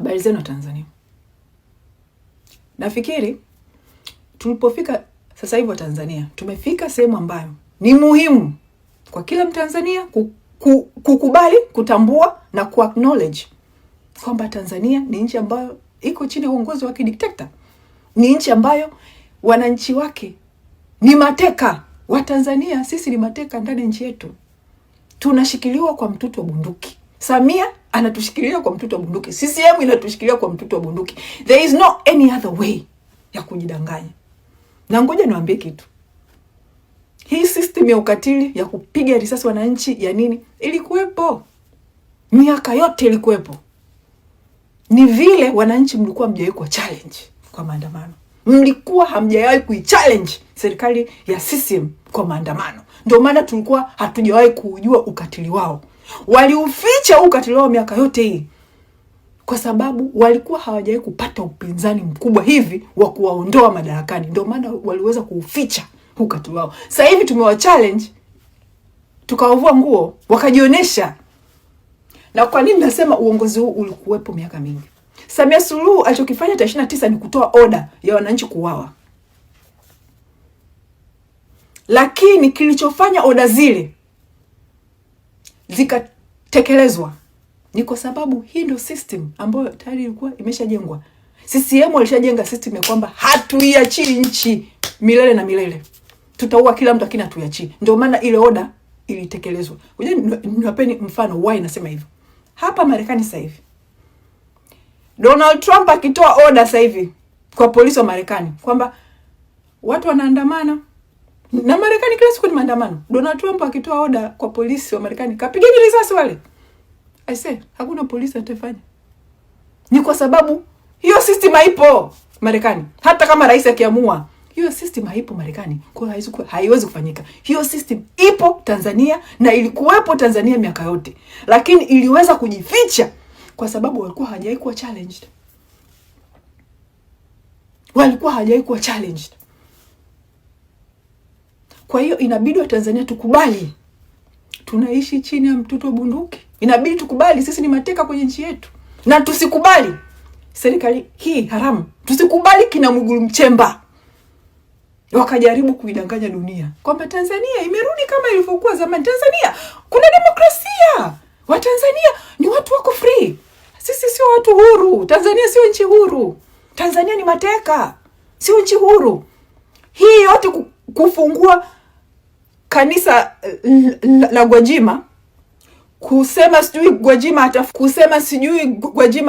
Habari zenu Tanzania. Nafikiri tulipofika sasa hivi wa Tanzania tumefika sehemu ambayo ni muhimu kwa kila Mtanzania kukubali, kutambua na acknowledge kwamba Tanzania ni nchi ambayo iko chini ya uongozi wa kidikteta, ni nchi ambayo wananchi wake ni mateka. Watanzania sisi ni mateka ndani ya nchi yetu, tunashikiliwa kwa mtutu wa bunduki. Samia anatushikilia kwa mtuto wa bunduki, CCM inatushikilia kwa mtuto wa bunduki. There is no any other way ya kujidanganya. Na ngoja niwaambie kitu, hii system ya ukatili ya kupiga risasi wananchi ya nini ilikuwepo miaka yote, ilikuwepo. Ni vile wananchi mlikuwa hamjawahi kwa challenge kwa maandamano, mlikuwa hamjawahi kuichallenge serikali ya CCM kwa maandamano, ndio maana tulikuwa hatujawahi kujua ukatili wao. Waliuficha huu ukatili wao miaka yote hii kwa sababu walikuwa hawajawahi kupata upinzani mkubwa hivi wa kuwaondoa madarakani, ndio maana waliweza kuuficha huu ukatili wao. Sasa hivi tumewa challenge tukawavua nguo wakajionyesha. Na kwa nini nasema uongozi huu ulikuwepo miaka mingi? Samia Suluhu alichokifanya tarehe ishirini na tisa ni kutoa oda ya wananchi kuwawa lakini kilichofanya oda zile zikatekelezwa ni kwa sababu hii ndio system ambayo tayari ilikuwa imeshajengwa. CCM alishajenga system ya kwamba hatuiachii nchi milele na milele, tutaua kila mtu, lakini hatuiachii. Ndio maana ile oda ilitekelezwa. Niwapeni mfano why nasema hivyo. Hapa Marekani sasa hivi Donald Trump akitoa oda sasa hivi kwa polisi wa Marekani kwamba watu wanaandamana na Marekani kila siku ni maandamano. Donald Trump akitoa oda kwa polisi wa Marekani, kapigeni risasi wale, I say hakuna polisi atafanya. Ni kwa sababu hiyo system haipo Marekani. Hata kama rais akiamua, hiyo system haipo Marekani, kwa hiyo haiwezi kufanyika. Hiyo system ipo Tanzania na ilikuwepo Tanzania miaka yote, lakini iliweza kujificha kwa sababu walikuwa hawajawahi kuwa challenged, walikuwa hawajawahi kuwa challenged kwa hiyo inabidi Watanzania tukubali tunaishi chini ya mtoto bunduki, inabidi tukubali sisi ni mateka kwenye nchi yetu, na tusikubali serikali hii haramu, tusikubali kina Mwigulu mchemba wakajaribu kuidanganya dunia kwamba Tanzania imerudi kama ilivyokuwa zamani. Tanzania kuna demokrasia, Watanzania ni watu wako free. Sisi sio watu huru, Tanzania sio nchi huru, Tanzania ni mateka, sio nchi huru. Hii yote kufungua kanisa eh, la Gwajima kusema sijui Gwajima atafu, kusema sijui Gwajima